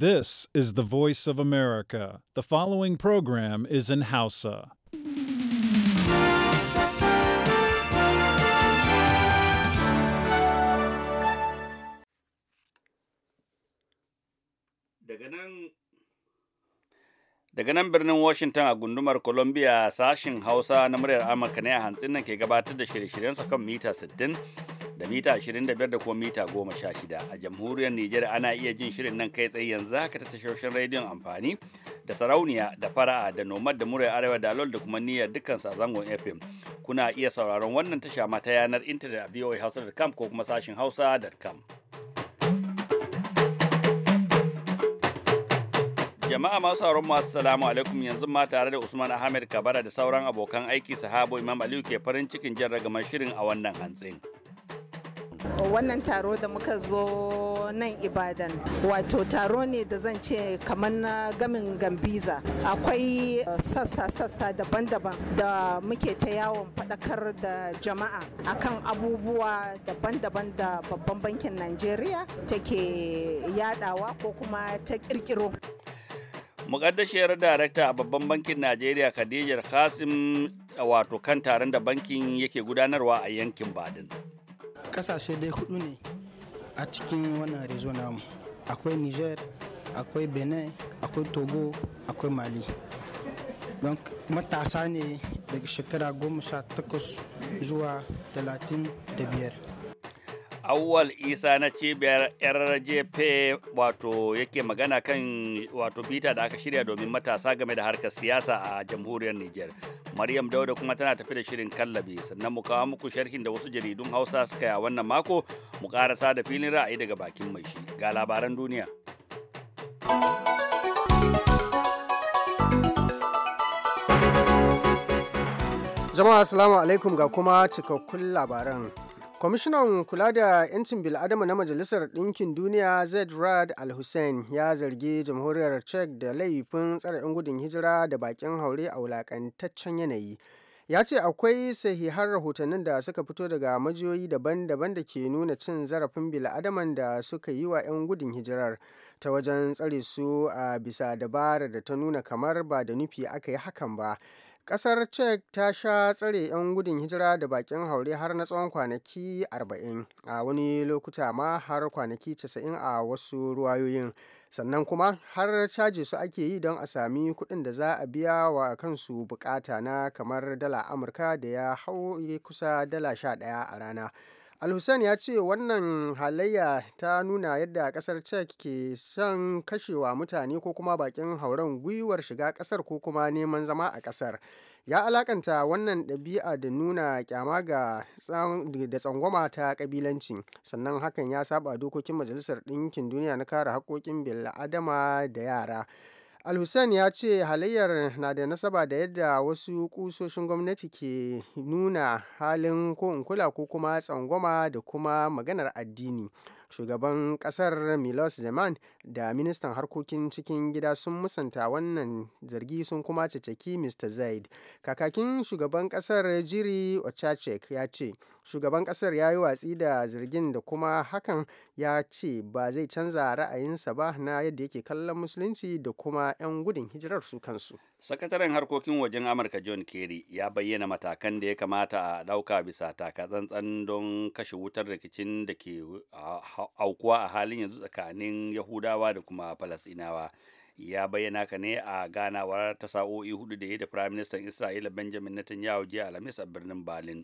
This is the voice of America. The following program is in Hausa. Daga nan birnin Washington a gundumar Columbia sashin Hausa na muryar Amurka ne a hantsin nan ke gabatar da shirye-shiryensa kan mita 60 da mita 25 da kuma mita 16 a jamhuriyar Nijar ana iya jin shirin nan kai tsaye yanzu haka ta tashoshin rediyon amfani da sarauniya da fara'a da nomad da murai arewa da lol da kuma niyyar dukkan sa zangon FM kuna iya sauraron wannan tasha ma ta yanar intanet a voahausa.com ko kuma sashin hausa.com jama'a masu sauran masu salamu alaikum yanzu ma tare da usman ahmed kabara da sauran abokan aiki sahabo imam aliyu ke farin cikin jan ragamar shirin a wannan hantsin. wannan taro da muka zo nan ibadan wato taro ne da zan ce kamar na gamin gambiza akwai sassa-sassa uh, daban-daban da muke ta yawon faɗakar da jama'a akan abubuwa daban-daban da babban bankin najeriya take yadawa ko kuma ta kirkiro mukaddashiyar darakta a babban bankin najeriya khadijar kasim wato kan taron da bankin yake gudanarwa a yankin badin kasashe dai hudu ne a cikin wannan rezo namu akwai niger akwai benin akwai togo akwai mali don matasa ne daga shekara goma sha takwas zuwa talatin da biyar awwal isa na cibiyar rjp wato yake magana kan wato bita da aka shirya domin matasa game da harkar siyasa a jamhuriyar niger maryam dauda kuma tana tafi da shirin kallabi sannan mu kawo muku sharhin da wasu jaridun hausa suka yi a wannan mako mu karasa da filin ra'ayi daga bakin mai shi ga labaran duniya jama'a assalamu alaikum ga kuma cikakkun labaran Kwamishinan kula da 'yancin bil'adama na Majalisar Ɗinkin Duniya Zaid Rad Al Hussein ya zargi jamhuriyar Czech da laifin tsare 'yan gudun hijira da bakin haure a wulakantaccen yanayi. Ya ce akwai sahihan rahotannin da suka fito daga majiyoyi daban-daban da ke nuna cin zarafin bil'adaman da suka yi wa 'yan gudun hijirar ta wajen tsare su a bisa dabara da ta nuna kamar ba da nufi aka yi hakan ba. Ƙasar Czech ta sha tsare 'yan gudun hijira da bakin haure har na tsawon kwanaki 40, a wani lokuta ma har kwanaki 90 a wasu ruwayoyin, sannan kuma har caji su ake yi don a sami kuɗin da za a biya wa kansu bukata na kamar dala Amurka da ya hau kusa dala 11 a rana. al ya ce wannan halayya ta nuna yadda ƙasar Czech ke son kashewa mutane ko kuma bakin hauren gwiwar shiga kasar ko kuma neman zama a ƙasar. Ya alakanta wannan ɗabi'a da nuna kyama ga da tsangwama ta ƙabilanci, sannan hakan ya saba dokokin Majalisar Ɗinkin Duniya na kare haƙƙoƙin bil'adama da yara. al ya ce halayyar na da nasaba da yadda wasu kusoshin gwamnati ke nuna halin ko in kula ko kuma tsangwama da kuma maganar addini. shugaban kasar milos zeman da ministan harkokin cikin gida sun musanta wannan zargi sun kuma ceceki mr zaid kakakin shugaban kasar jiri ochacek ya ce shugaban kasar ya yi watsi da zargin da kuma hakan ya ce ba zai canza ra'ayinsa ba na yadda yake kallon musulunci da kuma 'yan gudun hijirar su kansu sakataren harkokin wajen amurka john kerry ya bayyana matakan da ya kamata a ɗauka bisa taka takatsantsan don kashe wutar rikicin da ke aukuwa a halin yanzu tsakanin yahudawa da kuma falasinawa ya bayyana ka ne a ganawar ta sa'o'i hudu da ya da firaministan isra'ila benjamin netanyahu jiya alhamis a birnin berlin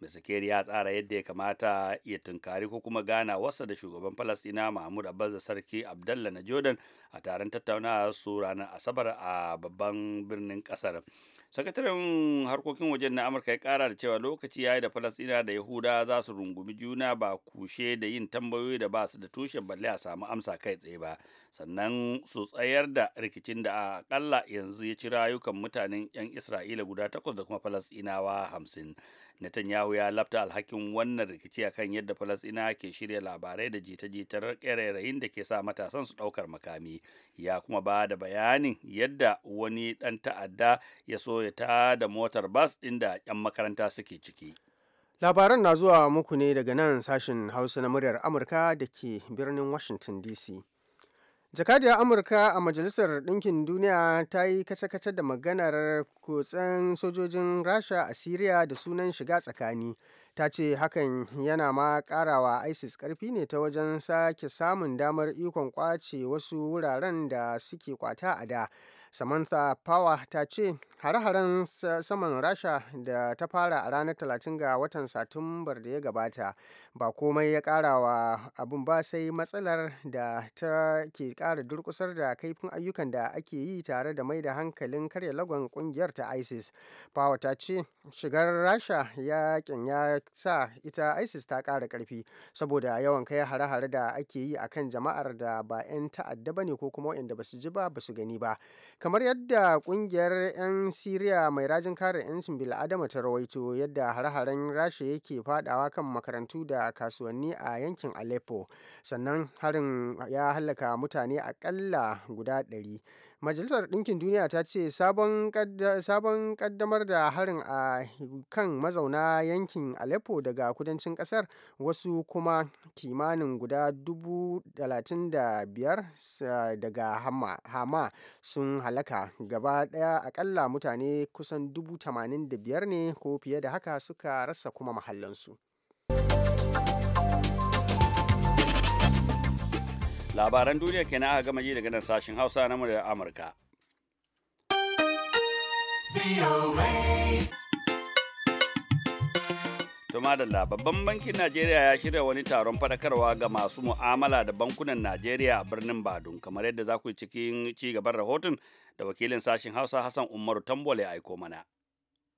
Misakeri ya tsara yadda ya kamata ya tunkari ko kuma gana wasa da shugaban Falasɗina Mahmud Abbas da Sarki Abdallah na Jordan a taron tattaunawa su ranar Asabar a babban birnin kasar. sakataren harkokin wajen na amurka ya kara da cewa lokaci ya yi da falasɗina da yahuda za su rungumi juna ba kushe da yin tambayoyi da ba su da tushen balle a samu amsa kai tsaye ba sannan su tsayar da rikicin da akalla yanzu ya ci rayukan mutanen 'yan isra'ila guda takwas da kuma falasɗinawa hamsin netanyahu ya lafta alhakin wannan rikici a kan yadda falasɗinawa ke shirya labarai da jita-jitar ƙerayen da ke sa matasan su ɗaukar makami ya kuma ba da bayanin yadda wani ɗan ta'adda ya so ta da motar bas ɗin da 'yan makaranta suke ciki labaran na zuwa muku ne daga nan sashen hausa na muryar amurka da ke birnin washington dc jakadiyar amurka a majalisar ɗinkin duniya ta yi kace-kace da maganar kutsen sojojin rasha a syria da sunan shiga tsakani ta ce hakan yana ma karawa isis karfi ne ta wajen sake samun damar ikon kwace wasu wuraren da suke kwata a da samantha power ta ce hare-haren saman rasha da ta fara a ranar 30 ga watan satumbar da ya gabata ba komai ya kara wa abin ba sai matsalar da ta ke kara durkusar da kaifin ayyukan da ake yi tare da mai da hankalin karya lagon kungiyar ta isis power ta ce shigar rasha ya ya sa ita isis ta kara karfi saboda yawan kai hare-hare da ake yi akan jama'ar da ba 'yan ta'adda bane ne ko kuma waɗanda ba su ji ba ba su gani ba kamar yadda kungiyar 'yan siriya mai rajin kare 'yancin bil'adama ta rawaito yadda har haren rasha yake fadawa kan makarantu da kasuwanni a yankin aleppo sannan harin ya halaka mutane akalla guda 100 Majalisar Ɗinkin Duniya ta ce sabon ƙaddamar da harin a kan mazauna yankin Aleppo daga kudancin ƙasar wasu kuma kimanin guda 35,000 daga Hama sun halaka gaba ɗaya akalla mutane kusan 85,000 ne ko fiye da haka suka rasa kuma mahallansu. labaran duniya kenan aka gama ji daga nan sashen hausa na muryar amurka Tumadalla babban bankin Najeriya ya shirya wani taron fadakarwa ga masu mu'amala da bankunan Najeriya a birnin Badun kamar yadda za ku yi cikin ci gaban rahoton da wakilin sashen Hausa Hassan Umaru Tambole aiko mana.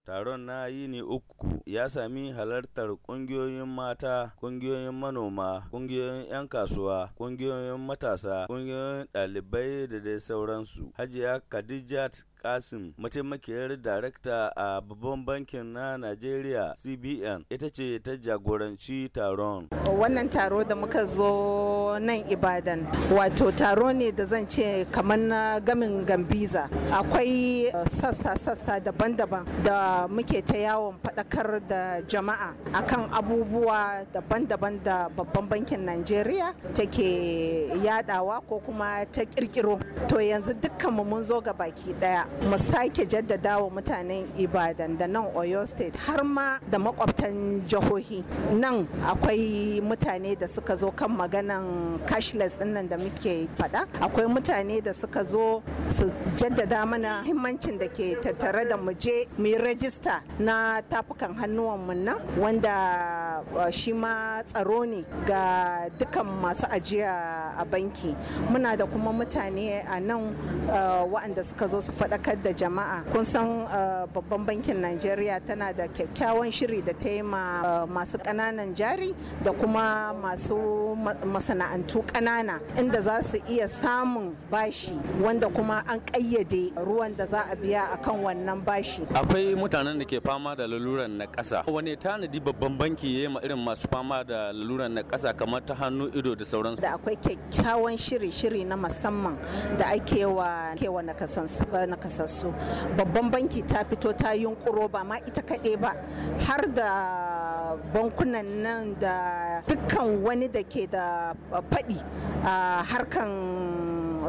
Taron na yini uku ya sami halartar ƙungiyoyin mata, ƙungiyoyin manoma, ƙungiyoyin 'yan kasuwa, ƙungiyoyin matasa, ƙungiyoyin ɗalibai da dai sauransu. Hajiya Khadijat kasim mataimakiyar darakta a babban bankin na najeriya cbn ita ce ta jagoranci taron wannan taro da muka zo nan ibadan wato taro ne da zan ce kamar na gamin gambiza akwai sassa-sassa eh, daban-daban da muke ta yawon faɗakar da jama'a akan abubuwa daban-daban da babban bankin najeriya take yadawa ko kuma ta kirkiro to yanzu dukkanmu mun zo ga baki daya mu sake jaddada wa mutanen ibadan da nan oyo state har ma da makwabtan jihohi nan akwai mutane da suka zo kan maganan cashless dinnan da muke faɗa akwai mutane da suka zo su jaddada mana himmancin da ke tattare da mu je mu rajista na tafukan mu nan wanda uh, shi ma tsaro ne ga dukan masu ajiya a banki muna da kuma mutane a nan uh, waɗanda suka zo su faɗa faɗakar da jama'a kun san eh, babban bankin najeriya tana da kyakkyawan shiri da ta yi eh, masu ƙananan jari da kuma masu masana'antu ƙanana inda za su iya samun bashi wanda kuma an ƙayyade ruwan da za a biya akan wannan bashi akwai mutanen da ke fama da laluran na ƙasa wani tanadi babban banki ya yi ma irin masu fama da laluran na ƙasa kamar ta hannu ido da sauransu da akwai kyakkyawan shiri-shiri na musamman da ake wa eh, nakasassu babban banki ta fito ta yunkuro ba ma ita kaɗai ba har da bankunan nan da dukkan wani da ke da faɗi a harkan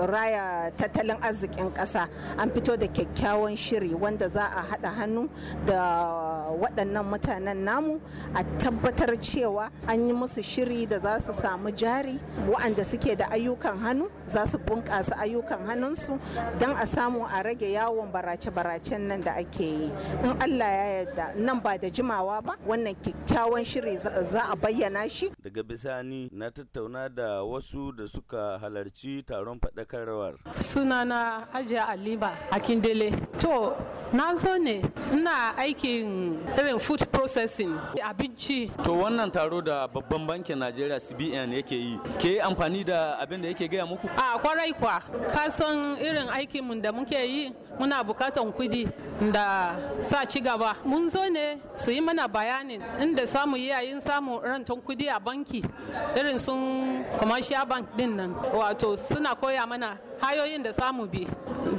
raya tattalin arzikin ƙasa an fito da kyakkyawan shiri wanda za a haɗa hannu da waɗannan mutanen namu a tabbatar cewa an yi musu shiri da za su samu jari waɗanda suke da ayyukan hannu za su bunƙasa ayyukan hannunsu don a samu a rage yawon barace-baracen nan da ake yi in allah ya yarda nan ba da jimawa ba wannan kyakkyawan shiri za a bayyana shi daga bisani na tattauna da wasu da suka halarci taron faɗaka sadaukarwar. Sunana ajiya Aliba Akindele. To, na zo ne ina aikin irin food processing abinci. To wannan taro da babban bankin Najeriya CBN yake yi, ke amfani da abin da yake gaya muku? A kwarai kwa, ka san irin aikin mun da muke yi muna bukatan kudi da sa ci gaba. Mun zo ne su yi mana bayanin inda samu yayin samu rantan kudi a banki irin sun commercial bank din nan. Wato suna koya mana mana hayoyin da samu bi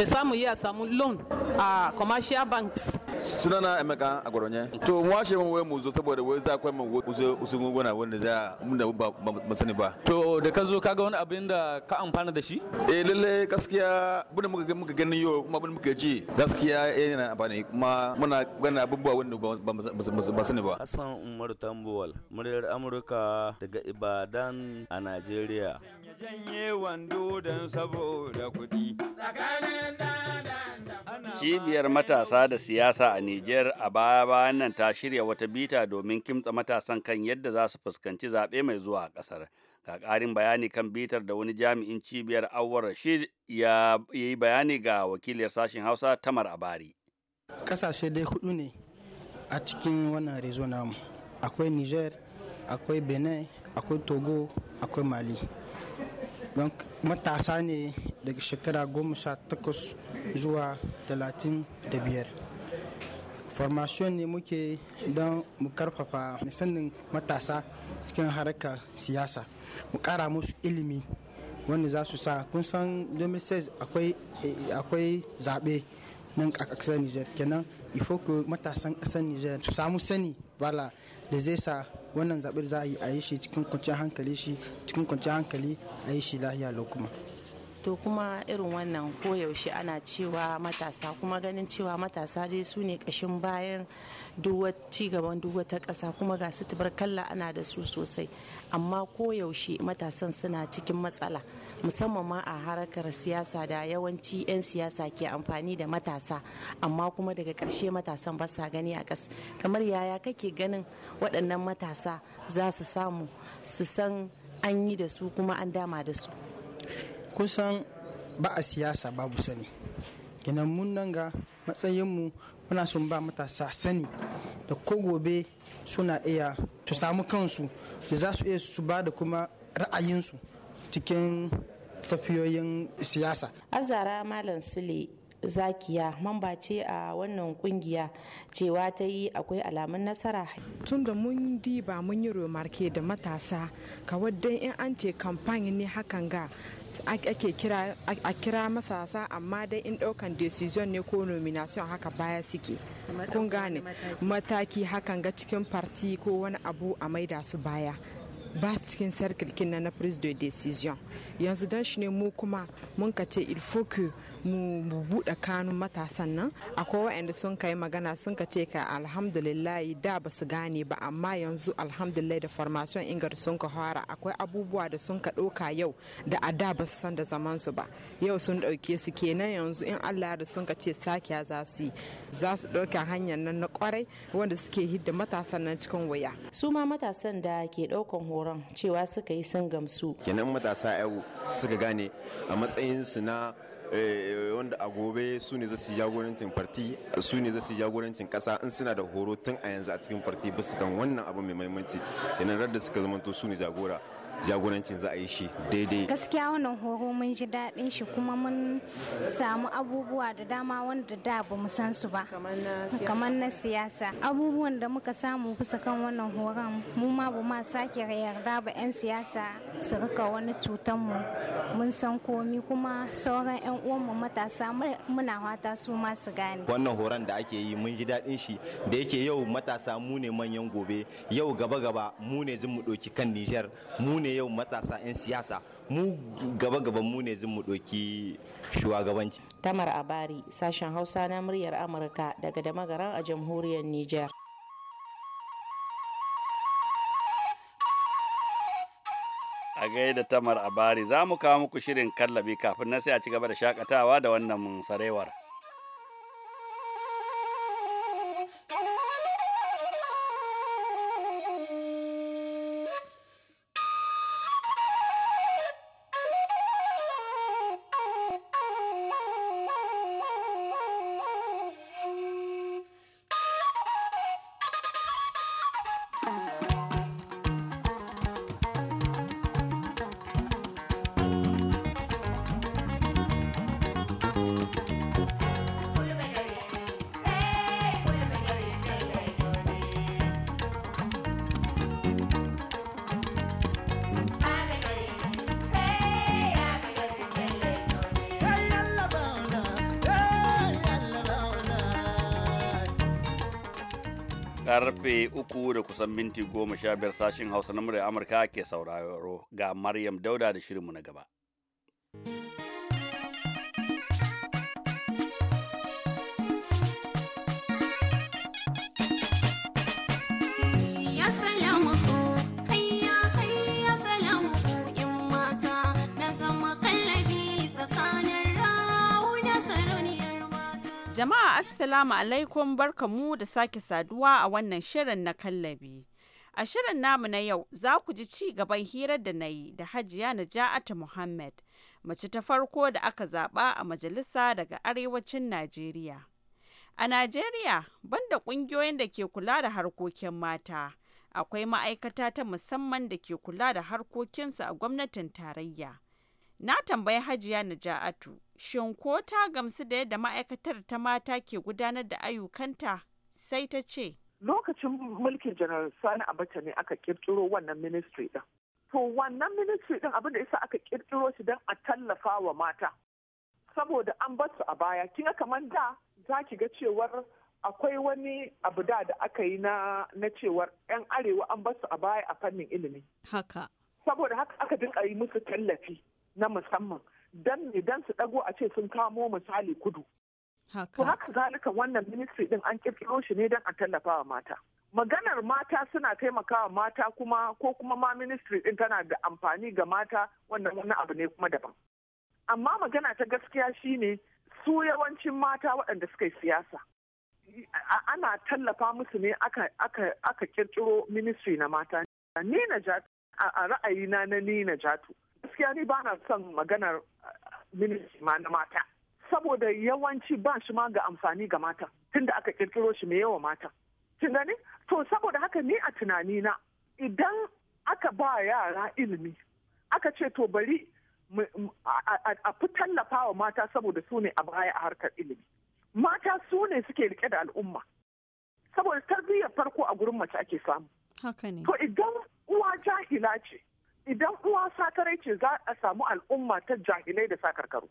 da samu yi a samu loan a commercial banks sunana emeka a agwaronye to mu washe mu wai mu zo saboda wai za akwai mu zo usungunguna wanda za mu da ba mu sani ba to da ka zo ka ga wani abin da ka amfana da shi eh lalle gaskiya bin muka ga muka gani yau kuma bin muka ji gaskiya eh yana amfani kuma muna ganin abubuwa wanda ba sani ba Hassan Umar Tambuwal muryar Amurka daga Ibadan a Najeriya Cibiyar matasa da siyasa a Nijar a baya-bayan nan ta shirya wata bita domin kimtsa matasan kan yadda za su fuskanci zaɓe mai zuwa a ƙasar. Ga ƙarin bayani kan bitar da wani jami'in cibiyar awar Rashid ya yi bayani ga wakiliyar sashen Hausa Tamar Abari. Ƙasashe dai hudu ne a cikin wannan rezo namu. Akwai Nijar, akwai Benin, akwai Togo, akwai Mali. don matasa ne daga shekara goma sha takwas zuwa talatin da biyar formation ne muke don mu karfafa sannin matasa cikin harkar siyasa mu kara musu ilimi wanda za su sa kun san 2016 eh, akwai zaɓe nan a ƙasar nijar kenan ifo matasan ƙasar nijar su samu sani bala da zai sa wannan zaɓe za a yi shi cikin kwanciyar hankali shi cikin kwanciyar hankali a yi shi lahiya lokuma to kuma irin wannan koyaushe ana cewa matasa kuma ganin cewa matasa dai su ne kashin bayan ci gaban duk wata ƙasa kuma ga su kalla ana da su sosai amma koyaushe matasan suna cikin matsala musamman ma a harkar siyasa da yawanci 'yan siyasa ke amfani da matasa amma kuma daga ƙarshe matasan basa gani a ƙasa, kamar yaya kake ganin waɗannan matasa za su samu su san an yi da su kuma an dama da su kusan ba a siyasa babu sani kinan mun nan ga matsayinmu muna sun ba matasa sani da ko gobe suna iya su samu kansu da za su iya su ba da kuma ra'ayinsu cikin tafiyoyin siyasa azara malam sule zakiya mamba ce a wannan kungiya cewa ta yi akwai alamun nasara tun da mun diba mun yi romarke da matasa kawai don in an ce kamfani ne hakan ga kira a kira masasa amma dai in daukan decision ne ko nomination haka baya suke kun gane mataki hakan ga cikin parti ko wani abu a maida su baya ba su cikin sarkilkin na na prise de decision yanzu don shi ne mu kuma mun ka ce il faut que mu buɗe kanun matasan nan akwai waɗanda sun kai magana sun ka ce ka alhamdulillah da ba su gane ba amma yanzu alhamdulillah da formation ingar sun ka fara akwai abubuwa da sun ka doka yau da a da ba su san da zaman su ba yau sun ɗauke su kenan yanzu in Allah da sun ka ce sakiya za su yi za su ɗauke hanyar nan na kwarai wanda suke hidda matasan nan cikin waya su ma matasan da ke ɗaukan horon cewa suka yi sun gamsu kenan matasa yau suka gane a matsayin su na Eh, wanda a gobe su ne zasu jagorancin farti su ne zasu jagorancin kasa in suna da horo tun a yanzu a cikin farti bisa kan wannan abu mai mahimmanci yanar da suka zamanto su ne jagora jagorancin za a yi shi daidai gaskiya wannan horo mun ji daɗin shi kuma mun samu abubuwa da dama wanda da ba mu san su ba kamar na siyasa abubuwan da muka samu bisa kan wannan horon mu ma ba ma sake yarda ba 'yan siyasa su rika wani cutan mu mun san komi kuma sauran 'yan mu matasa muna wata su ma su gane wannan horon da ake yi mun ji daɗin shi da yake yau matasa mu ne manyan gobe yau gaba gaba mu ne zin mu kan Nijar mu ne ne yau matasa 'yan siyasa mu gaba-gaban mu ne zin mu doki shugabanci. Tamar Abari, sashen Hausa na muryar Amurka daga garan a jamhuriyar Nijar. A gaida Tamar Abari, za mu kawo muku shirin kallabi kafin na sai a ci gaba da shakatawa da wannan sarewar. karfe uku da kusan minti goma sha biyar sashen hausa na murya amurka ke sauraro ga maryam dauda da shirinmu na gaba Assalamu Jama'a Assalamu alaikum barkamu da sake saduwa a wannan shirin na kallabi. A shirin namu na yau za ku ji ci gaban hirar da na yi da Hajiya Naja'atu Muhammad, mace ta farko da aka zaɓa a majalisa daga arewacin Najeriya. A Najeriya, banda ƙungiyoyin da ke kula da harkokin mata, akwai ma'aikata ta musamman da ke kula da harkokinsu a gwamnatin tarayya. Na tambayi Hajiya Naja'atu Shin ko ta gamsu da yadda ma'aikatar ta mata ke gudanar da ayyukanta sai ta ce. Lokacin mulkin General Sani Abacha ne aka kirkiro wannan ministry ɗin. To wannan ministry ɗin abin da isa aka kirkiro shi don a tallafa wa mata. Saboda an basu a baya, ga kamar da za ki ga cewar akwai wani abu da da aka yi na na cewar 'yan arewa an basu a baya a fannin ilimi. Haka. Saboda haka aka dinka yi musu tallafi na musamman. dan ne dan su dago a ce sun kamo misali kudu to haka zalika wannan ministry din an kirkiro shi ne dan a tallafawa mata maganar mata suna taimakawa mata kuma ko kuma ma ministry din tana da amfani ga mata wannan wani abu ne kuma daban amma magana ta gaskiya shine su yawancin mata waɗanda suka yi siyasa ana tallafa musu ne aka kirkiro ministry na mata ni jatu a ra'ayina na ni jatu gaskiya ni ba na son maganar uh, ministry ma na mata saboda yawanci ba shi ma ga amfani ga mata tunda aka kirkiro shi mai yawa mata kin gani to saboda haka ni a tunani na idan aka ba yara ilimi aka ce to bari a fi tallafa wa mata saboda su ne a baya a harkar ilimi mata su ne suke rike da al'umma saboda tarbiyyar farko a gurin mace ake samu to idan uwa jahila ce idan uwa sakarai ce za a samu al'umma ta jahilai da sakarkaru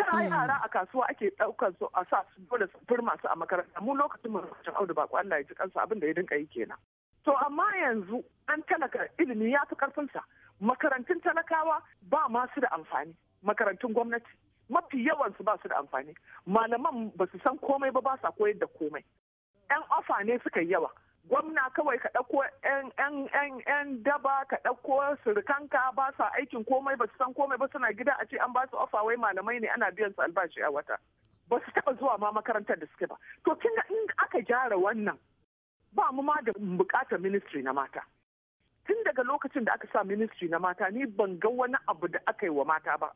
da hmm. yara a kasuwa ake ɗaukar su a sa su dole su firma su a makaranta mu lokacin mu lokacin audu bako Allah ya ji kansa abin da ya dinka yi kenan to amma yanzu an talaka ilimi ya fi karfinsa makarantun talakawa ba ma su da amfani makarantun gwamnati mafi yawan su ba su da amfani malaman ba su san komai ba ba sa koyar da komai yan ofa ne suka yi yawa gwamna kawai ka ɗauko 'yan daba ka ɗauko surukanka ba sa aikin komai ba su san komai ba suna gida a ce an ba su ofa wai malamai ne ana biyan su albashi a wata ba su taɓa zuwa ma makarantar da suke ba to ga in aka gyara wannan ba mu ma da buƙatar ministry na mata tun daga lokacin da aka sa ministry na mata ni ban ga wani abu da aka yi wa mata ba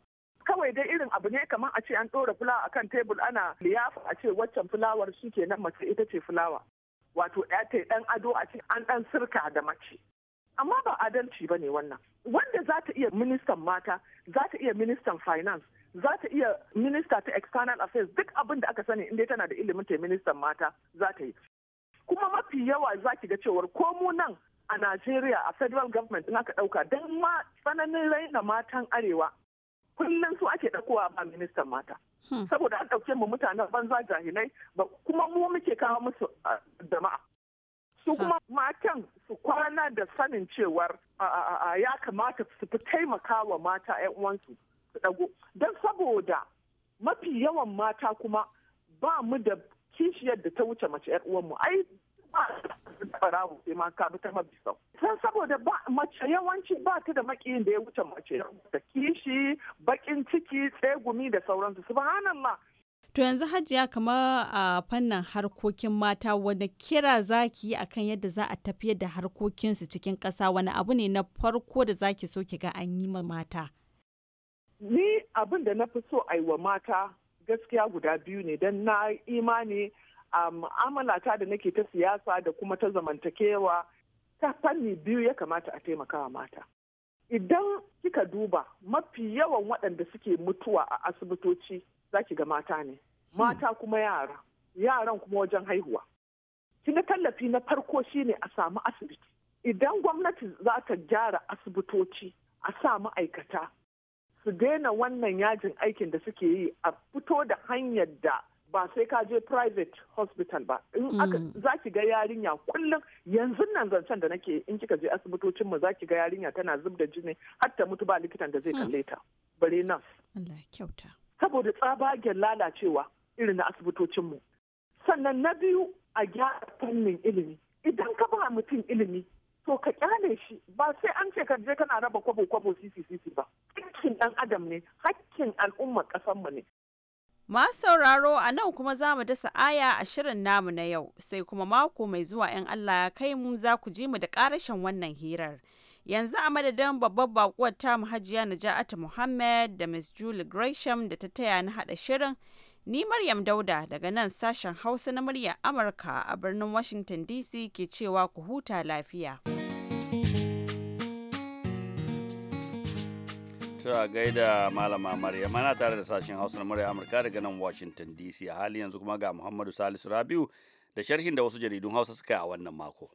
kawai dai irin abu ne kamar a ce an ɗora fulawa akan tebul ana liyafa a ce waccan fulawar shi kenan mace ita ce fulawa wato ya ta dan ado a ce an dan sirka da mace amma ba adalci ba ne wannan wanda za ta iya ministan mata za ta iya ministan finance za ta iya minista ta external affairs duk abin da aka sani inda tana da ilimin ta ministan mata za ta yi kuma mafi yawa za ki ga cewar ko mu nan a Najeriya a federal government in aka ɗauka don ma tsananin raina matan arewa kullum su ake ɗaukowa ba ministan mata Hmm. saboda an ɗauke mu mutanen banza jahilai kuma mu muke kawo musu jama'a su hmm. kuma matan su kwana da sanin cewar ya kamata su fi taimaka wa mata 'yan uwansu su ɗago don saboda mafi yawan mata kuma ba mu da kishiyar da ta wuce mace 'yar uwanmu ai farawo sai saboda mace yawanci ba ta da makiyin da ya wuce mace da kishi, bakin ciki, tsegumi da sauransu. Subhanallah. To yanzu hajiya kamar a fannin harkokin mata wani kira zaki yi akan yadda za a tafiyar da harkokinsu cikin ƙasa wani abu ne na farko da zaki so ki ga an yi ma mata? Ni abin da na fi so aiwa mata gaskiya guda biyu ne don na imani a mu'amala da nake ta siyasa da kuma ta zamantakewa ta fanni biyu ya kamata a taimakawa mata idan kika duba mafi yawan waɗanda suke mutuwa a asibitoci za ki ga mata ne mata hmm. kuma yara yaran kuma wajen haihuwa kina tallafi na farko shine a samu asibiti idan gwamnati za ta gyara asibitoci a sa ma'aikata su daina wannan yajin aikin da suke yi a fito da hanyar da ba sai ka je private hospital ba in mm. aka za ki ga yarinya kullum yanzu nan zancen da nake in kika je asibitocin mu za ki ga yarinya tana zub da jini har ta mutu ba likitan da zai mm. kalle ta bare nas Allah kyauta saboda tsabagen lalacewa irin na asibitocin mu sannan na biyu a gyara fannin ilimi idan ka ba mutum ilimi to ka kyale shi ba sai an ce ka je kana raba kwabo kwabo sisi sisi ba hakkin dan adam ne hakkin al'ummar kasanmu mu ne Masu sauraro a nan kuma za mu dasa aya a shirin namu na yau sai kuma mako mai zuwa ‘yan Allah ya kai mu za ku ji mu da ƙarashin wannan hirar. Yanzu a madadin babbar bakuwar mu hajiya Naja'atu Muhammad da Miss Julie Gresham da ta taya ni haɗa shirin. Ni Maryam Dauda daga nan sashen Hausa na muryar Amurka a birnin Washington DC ke cewa ku huta lafiya. to a gaida malama maryam mana tare da sashen hausa na murya amurka daga nan washington dc a hali yanzu kuma ga muhammadu salisu rabiu da sharhin da wasu jaridun hausa suka yi a wannan mako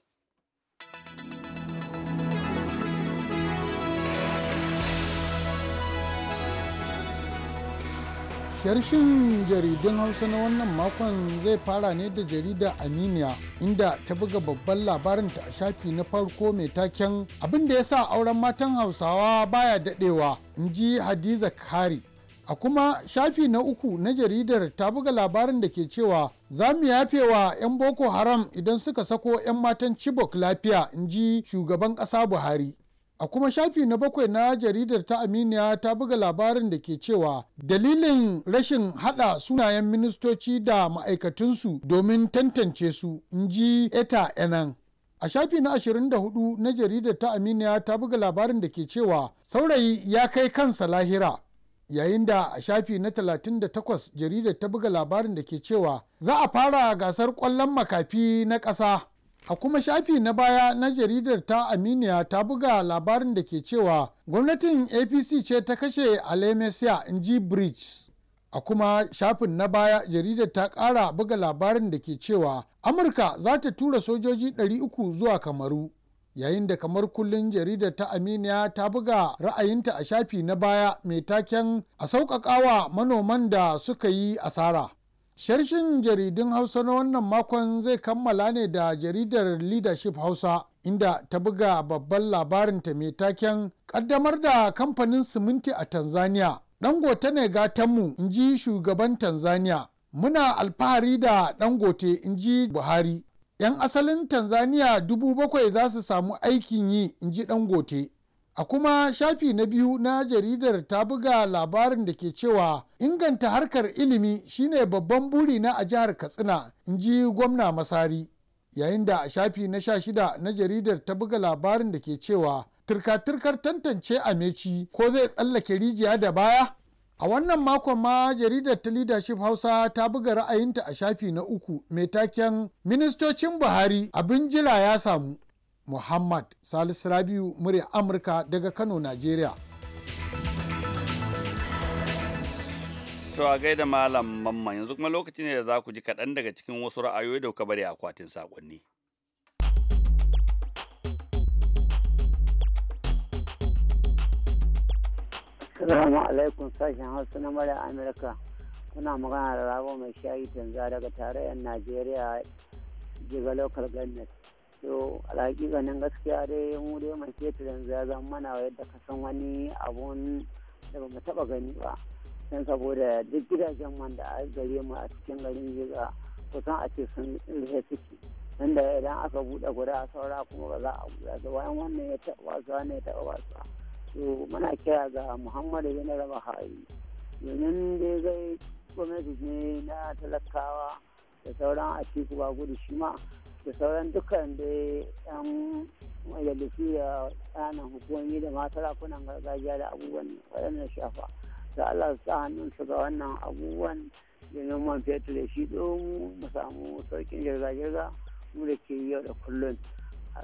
Sharshin jaridun Hausa na wannan makon zai fara ne da jarida Aminiya inda ta buga babban labarinta a shafi na farko mai taken abin da ya sa auren matan Hausawa baya daɗewa in ji Hadiza Kari. A kuma shafi na uku na jaridar ta buga labarin da ke cewa za mu yafe wa 'yan Boko Haram idan suka sako 'yan matan Chibok lafiya in ji shugaban ƙasa Buhari. A kuma shafi na bakwai na jaridar ta Aminiya ta buga labarin da ke cewa dalilin rashin hada sunayen ministoci da ma'aikatunsu domin tantance su, in ji Eta Enan. A shafi na 24 na jaridar ta Aminiya ta buga labarin da ke cewa saurayi ya kai kansa lahira. Yayin da a shafi na 38 jaridar ta buga labarin da ke cewa za a fara gasar ƙwallon makafi na ƙasa. a kuma shafi na baya na jaridar ta aminiya ta buga labarin da ke cewa gwamnatin apc ce ta kashe alemesia in ji bridge a kuma shafin na baya jaridar ta kara buga labarin da ke cewa amurka za ta tura sojoji 300 zuwa kamaru yayin da kamar kullum jaridar ta aminiya ta buga ra'ayinta a shafi na baya mai taken a sauƙaƙawa manoman da suka yi asara Sharshin jaridun Hausa na wannan makon zai kammala ne da jaridar Leadership Hausa inda ta buga babban labarinta mai taken ƙaddamar da kamfanin siminti a Tanzania. Dangote ne gatanmu in ji shugaban Tanzania. Muna alfahari da Dangote in ji Buhari. 'Yan asalin Tanzania dubu bakwai za su samu aikin yi in ji Dangote. A kuma shafi na biyu na jaridar ta buga labarin da ke cewa inganta harkar ilimi shine babban buri na a jihar Katsina, in ji gwamna Masari. Yayin da a shafi na sha shida na jaridar ta buga labarin da ke cewa turka-turkar tantance a meci ko zai tsallake rijiya da baya? A wannan makon ma jaridar ta leadership Hausa ta buga ra'ayinta a shafi na uku mai taken ministocin Buhari abin jira ya samu. Muhammad Salisu Rabiu murya Amurka daga Kano, Najeriya. To a gaida malam mamma yanzu kuma lokaci ne da za ku ji kaɗan daga cikin wasu ra'ayoyi da kuka bari akwatin saƙonni. Salamu alaikum sashen Hausa na mara Amurka. Kuna magana da rabo mai shayi tanza daga tarayyar Najeriya jiga local to alhaƙi ganin gaskiya dai mu dai mai fetur yanzu ya zama mana yadda ka san wani abun da ba mu taɓa gani ba don saboda duk gidajen man da a gare mu a cikin garin jiga kusan a ce sun rufe ciki inda idan aka buɗe guda saura kuma ba za a buɗe da bayan wannan ya taɓa wasa ne ya taɓa wasa to muna kira ga muhammadu bin raba hari domin dai zai gwamnati ne na talakawa da sauran a ba gudu shi ma da sauran dukkan da yan majalisi da tsanan hukumomi da mata sarakunan gargajiya da abubuwan waɗannan shafa da Allah su sa hannun su ga wannan abubuwan domin man fetur da shi domin mu samu sauƙin jirga-jirga mu da ke yau da kullun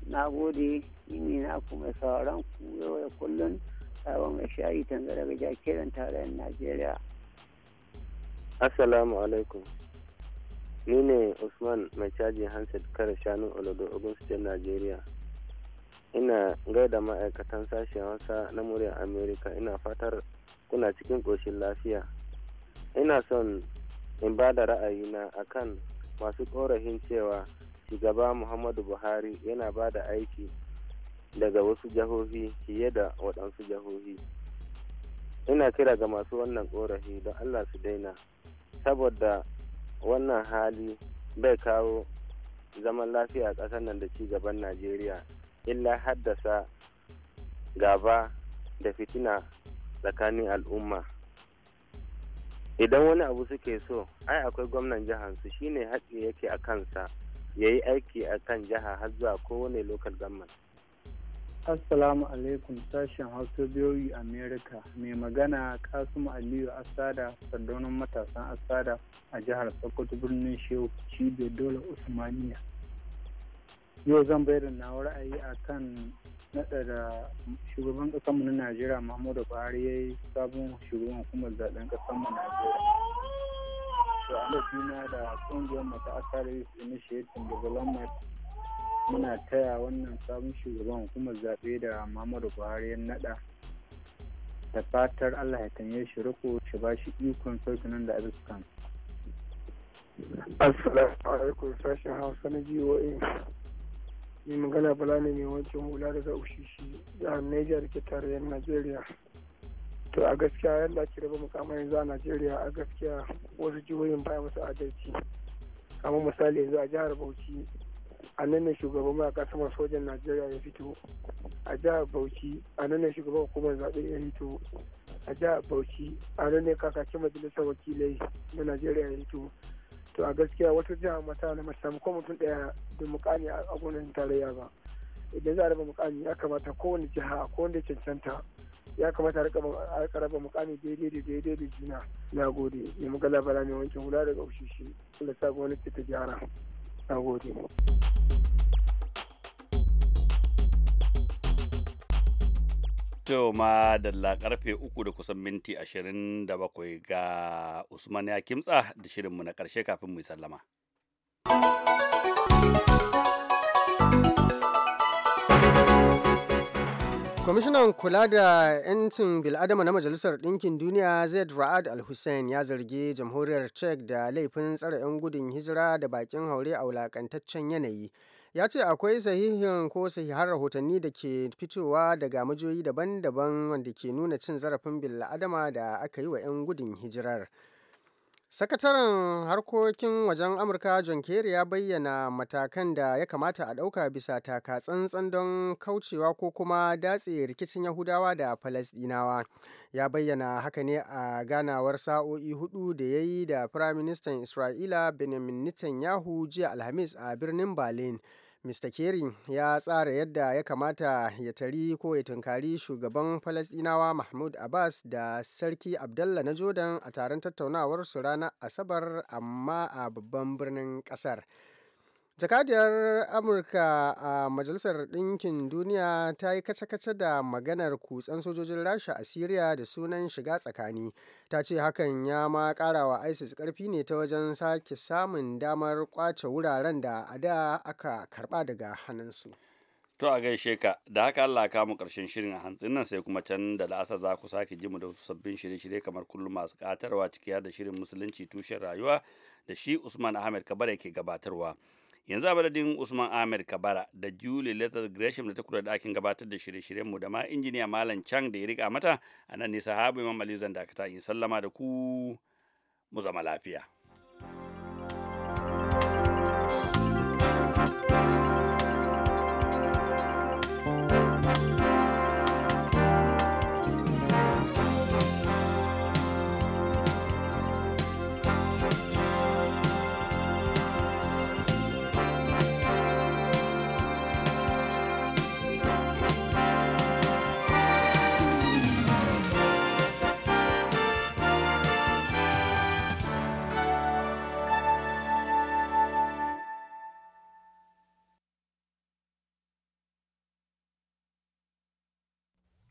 na gode yini na kuma sauran ku yau da kullun sabon mai shayi tangare ga jakiran tarayyar najeriya assalamu alaikum ni ne usman mai cajin hanset kare shanun olodo ogun state nigeria ina gaida ma'aikatan sashen hausa na muryar Amerika ina fatar kuna cikin ƙoshin lafiya ina son in ba da ra'ayina a kan masu korafin cewa shugaba muhammadu buhari yana ba da aiki daga wasu jihohi fiye da waɗansu jihohi ina kira ga masu wannan korafi don allah su daina saboda wannan hali bai kawo zaman lafiya a ƙasar nan da ci gaban najeriya illa haddasa gaba da fitina tsakanin al'umma idan wani abu suke so ai akwai gwamnan jihansu shine haƙƙi yake a kansa ya yi aiki a kan jiha har zuwa kowane lokal government Assalamu alaikum sashen Hausa biyoyi Amerika mai magana Kasimu Aliyu Asada sardaunin matasan Asada a jihar Sokoto birnin Shehu Cibe Dole Usmaniya. Yau zan bayar na ra'ayi a kan naɗa da shugaban ƙasarmu na Najeriya Muhammadu Buhari ya yi sabon shugaban hukumar zaɓen na Najeriya. To, da da ƙungiyar mata Asada Youth Initiative Development muna taya wannan sabon shugaban hukumar zaɓe da muhammadu buhari ya naɗa da fatar allah ya tanye shi riko shi ba shi ikon saukinan da abin kan assalamu alaikum sashen hausa na G.O.A. mai magana bala ne mai wancan hula daga ushishi jihar niger ke tarayyar najeriya to a gaskiya yadda ake raba mukamai yanzu a najeriya a gaskiya wasu jihohin baya masu adalci kamar misali yanzu a jihar bauchi a nan ne shugaban kasa saman sojan najeriya ya fito a jihar bauchi a nan ne shugaban hukumar zaɓe ya fito a jihar bauchi a nan ne kakakin majalisar wakilai na najeriya ya fito to a gaskiya wata jihar mata na mace samu ko mutum ɗaya da mukami a gwamnatin tarayya ba idan za a raba mukami ya kamata kowane jiha ko wanda cancanta ya kamata a rika raba mukami daidai da daidai da juna na gode ya muka labara ne wancan hula daga ushishi kula gwamnati ta gyara na gode To ma da karfe uku da kusan minti ashirin da bakwai ga Usman ya kimtsa da shirin mu na ƙarshe kafin mu yi sallama. kwamishinan kula da 'yancin biladama na majalisar ɗinkin duniya zaid ra'ad al-hussein ya zargi jamhuriyar czech da laifin tsara 'yan gudun hijira da bakin haure a wulakantaccen yanayi ya ce akwai sahihin ko sahihan rahotanni da ke fitowa daga majoyi daban-daban wanda ke nuna cin zarafin bil'adama da aka yi wa 'yan gudun hijirar Sakataren harkokin wajen Amurka John Kerry ya bayyana matakan da ya kamata a ɗauka bisa taka tsantsan don kaucewa ko kuma datse rikicin Yahudawa da Falasɗinawa. Ya bayyana haka ne a ganawar sa'o'i hudu da ya yi da Firaministan Isra'ila Benjamin Netanyahu jiya Alhamis a birnin Berlin. Mr. Kerry ya tsara yadda ya kamata ya tari ko ya tunkari shugaban Falasɗinawa Mahmud Abbas da Sarki Abdallah na Jordan a taron tattaunawar su ranar Asabar amma a babban birnin ƙasar. Jakadiyar Amurka a Majalisar Ɗinkin Duniya ta yi kace-kace da maganar kutsan sojojin Rasha a Siriya da sunan shiga tsakani, ta ce hakan ya ma wa ISIS karfi ne ta wajen sake samun damar kwace wuraren da a da aka karba daga hannunsu. To a gaishe ka, da haka Allah ka mu ƙarshen shirin a hantsin nan sai kuma can da la'asa za ku sake ji mu da wasu sabbin shirye-shirye kamar kullum masu ƙatarwa ciki da shirin musulunci tushen rayuwa da shi Usman Ahmed kabare ke gabatarwa. yanzu a madadin usman ahmed kabara da julie letter gresham da ta kula da akin gabatar da shirye-shiryenmu da ma injiniya malam chang da ya rika mata a nan nisa habu imam zan dakata in sallama da ku mu zama lafiya.